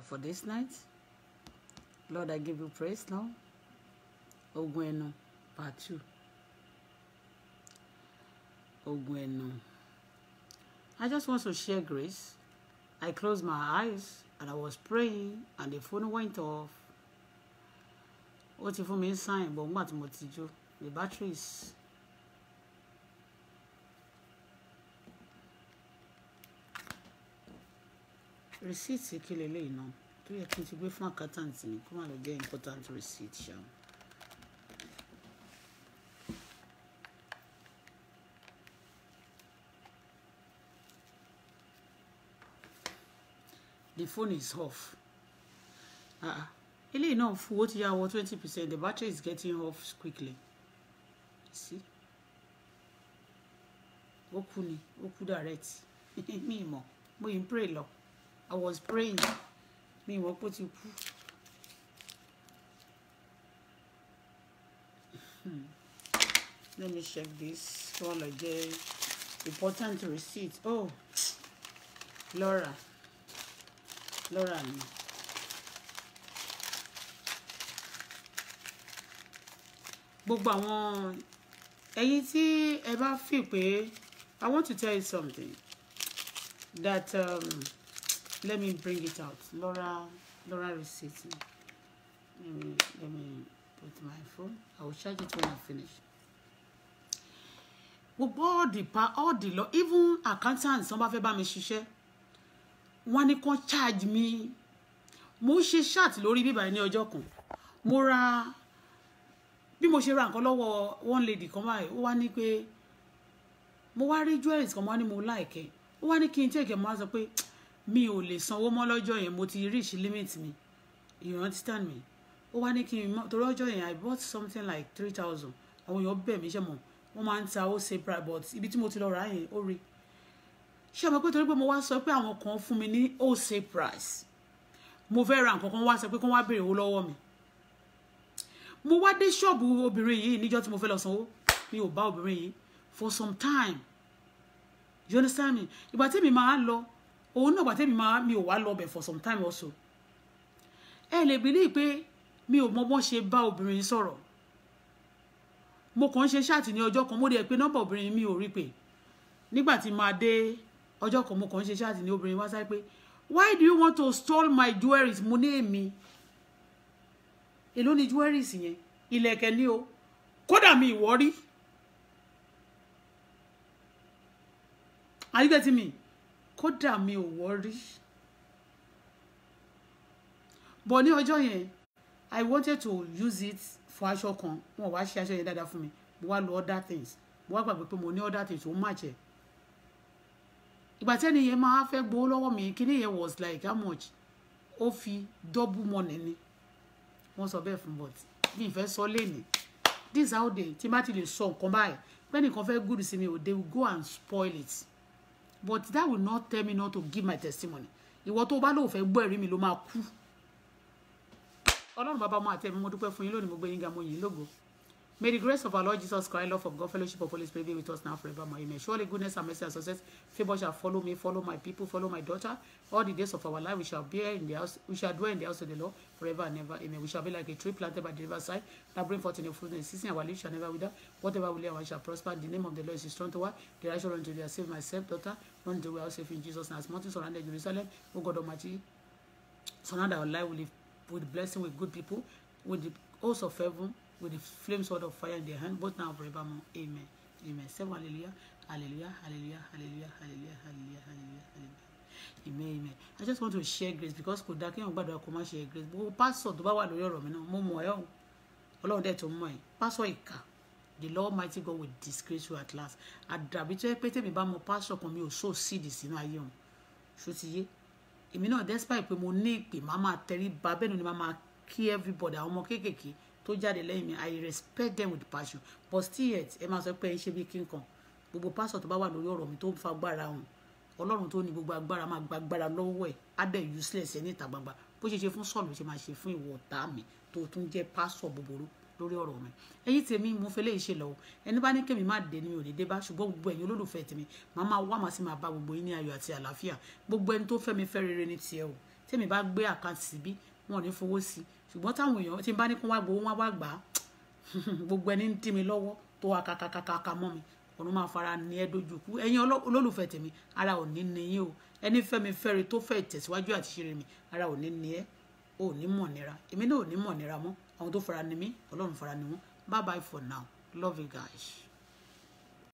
for this night. Lord, I give you praise now. Ogun Ẹnu, part two. Ogun Ẹnu. I just want to share grace. I closed my eyes and I was praying and the phone went off. What if I'm inside? but what's tí mo the battery is rìsíìtì kí leléyìí náà tó yẹ kí n ti gbé fún accountant ni kó má lọ jẹ́ important receipt ṣá. the phone is off ah, ah. eléyìí náà fún owó ti yá wọ twenty percent the battery is getting off quickly see ó kú ni ó kú direct mi ì mọ̀ mo ì ń pray lọ. I was praying Me ìwọ pé you. Hmm. Let me check this one again important receipt oh Laura Laura mi. gbogbo àwọn ẹ̀yin tí ẹ bá I want to tell you something that. Um, let me bring it out Laura Laura receipt let me let me put my phone I will charge it when I finish gbogbo all the pa all the law even accountants wọ́n bá fẹ́ bá mi ṣiṣẹ́ wọ́n ní kàn charge me, mo ṣe ṣáàtì lórí bíbá ní ọjọ́ kan mo ra bí mo ṣe ra nǹkan lọ́wọ́ one lady kan báyìí ó wá ní pé mo wá rí jewelries kan mo wá ní mo láìkẹ́ ó wá ní kí n tẹ̀kẹ́ mo wá sọ pé mi ò lè sanwó mọ́ lọ́jọ́ yẹn mo ti reach limit mi you understand me ó wá ní kí n mọ torí ọjọ́ yẹn i bought something like three thousand àwọn èèyàn bẹ̀ mí ṣe mọ̀ wọ́n máa ń ta ó ṣe price but ibi tí mo ti lọ rà yẹn ó rí ṣé ọmọ pé torí pé mo wá sọ pé àwọn kan fún mi ní ó ṣe price mo fẹ́ ra nǹkan kan wá sọ pé kí wọ́n wá béèrè owó lọ́wọ́ mi mo wá dé ṣọ́ọ̀bù obìnrin yìí níjọ́ tí mo fẹ́ lọ sanwó mi ò bá obìnrin yìí for some time you understand me ìgbà tí mi máa lọ òun náà gbàtẹ́ mi máa mi ò wá lọ bẹ̀ for some time also ẹ lè believe pé mi ò mọ bọ́n ṣe bá obìnrin sọ̀rọ̀ mo kàn ń ṣe ṣáàtì ní ọjọ́ kan mo rí ẹ pé nọ́mbà obìnrin mi ò rí pé nígbà tí máa dé ọjọ́ kan mo kàn ń ṣe ṣáàtì ní obìnrin wá sáré pé why do you want to stall my jewelry, mo ní èmi èló ni jewelry yẹn ìlẹ̀kẹ̀ ni o kódà mi ìwọ́ rí are you getting me? kódà mi ò wọ́rí bọ̀ ní ọjọ́ yẹn I wanted to use it for aṣọ kan wọn wá ṣe aṣọ yẹn dáadáa fún mi mo wá lo other things mo wá gbàgbé pé mo ní other things ó máa jẹ ìgbà tí ẹni yẹn máa fẹ́ gbowó lọ́wọ́ mi kíní yẹn was like how much ó fi double money ni wọ́n sọ bẹ́ẹ̀ fún but mi ìfẹ́ sọ léèní this how they tí má ti lè sọ nǹkan báyìí pé nìkan fẹ́ good sí mi ò they will go and spoil it but that will not tell me not to give my testimony ìwọ tó bá lóò fẹ́ gbọ́ ẹ̀rí mi ló máa kú ọlọ́run bàbá ọmọ àti ẹ̀mí mo dúpẹ́ fún yín lónìí mo gbé yín ga mo yìn lógo May the grace of our Lord Jesus Christ, love of God, fellowship of Holy Spirit be with us now forever. my Amen. Surely goodness and mercy and success, favor shall follow me, follow my people, follow my daughter. All the days of our life we shall be in the house, we shall dwell in the house of the Lord forever and ever. Amen. We shall be like a tree planted by the riverside that bring forth in the fruit and season. Our leaves shall never wither. Whatever we live, we shall prosper. The name of the Lord is strong to us. The righteous run to thee. I save myself, daughter. Run to well safe in Jesus. And as mountains surrounded Jerusalem, O God Almighty, surround our life with, with blessing, with good people, with the hosts of heaven with the flame sword of fire in their hand, both now and forevermore. Amen. Amen. Say hallelujah, hallelujah, hallelujah, hallelujah, hallelujah, hallelujah, hallelujah, hallelujah. Amen, amen. I just want to share grace because kò dákẹ́ ọ̀gbà dọ̀ kò má share grace. But pásọ̀ tó bá wà lórí ọ̀rọ̀ mi náà, mo mọ̀ ẹ́ o. Ọlọ́run to my mọ̀ ẹ́. The Lord Almighty God will disgrace you at last. Àdàbí tó yẹ pé tèmi bá mọ pásọ̀ kan come you so see sínú ayé òun. Ṣó So see Èmi náà despite pé mo ní ìpè, màá máa tẹrí ba bẹ́ẹ̀ ni màá máa kí everybody àwọn ọmọ kéékèèké tó jáde lẹ́yìn mi i respect them with passion but still yet ẹ máa sọ pé ẹ ń ṣe bí kí n kàn gbogbo pásọ tó bá wà lórí ọ̀rọ̀ mi tó ń fa agbára hàn ọlọ́run tó ní gbogbo agbára máa gba agbára lọ́wọ́ ẹ̀ abẹ́ useless ẹ̀ níta gbangba bó ṣe ṣe fún sọ̀lù ṣe máa ṣe fún ìwọ ọ̀tá mi tó tún jẹ́ pásọ bòbòrò lórí ọ̀rọ̀ mi ẹ̀yin tèmi mo fẹ́ lè ṣe lọ́wọ́ ẹni bá ní kẹ́mi má dé ni mi ò ṣùgbọ́n gbogbo ẹ̀yin olólùfẹ́ tèmi màá máa wá màá sì máa bá gbogbo yín ní ayọ̀ àti àlàáfíà gbogbo ẹni tó fẹ́ mi fẹ́ rere ní tiẹ̀ o tèmi bá gbé àkáǹtì síbí wọn ò ní fowó sí i ṣùgbọ́n táwọn èèyàn tí n bá ní kó wá gbowó wá wá gbà á gbogbo ẹni ń dí lọ́wọ́ tó wá kakakakaka mọ́ mi òun máa fara ní ẹ dojú kú olólùfẹ́ tèmi ara ò ní ní yín o ẹni fẹ́mi fẹ́re tó fẹ́ tẹ̀síwájú àti ṣeré mi ara ò ní ní ẹ ò ní mọ̀ nira èmi náà ò ní mọ̀ nira mọ́ àwọn tó fara ni mí ọlọ́run fara ni wọ́n bye bye for now love you guys.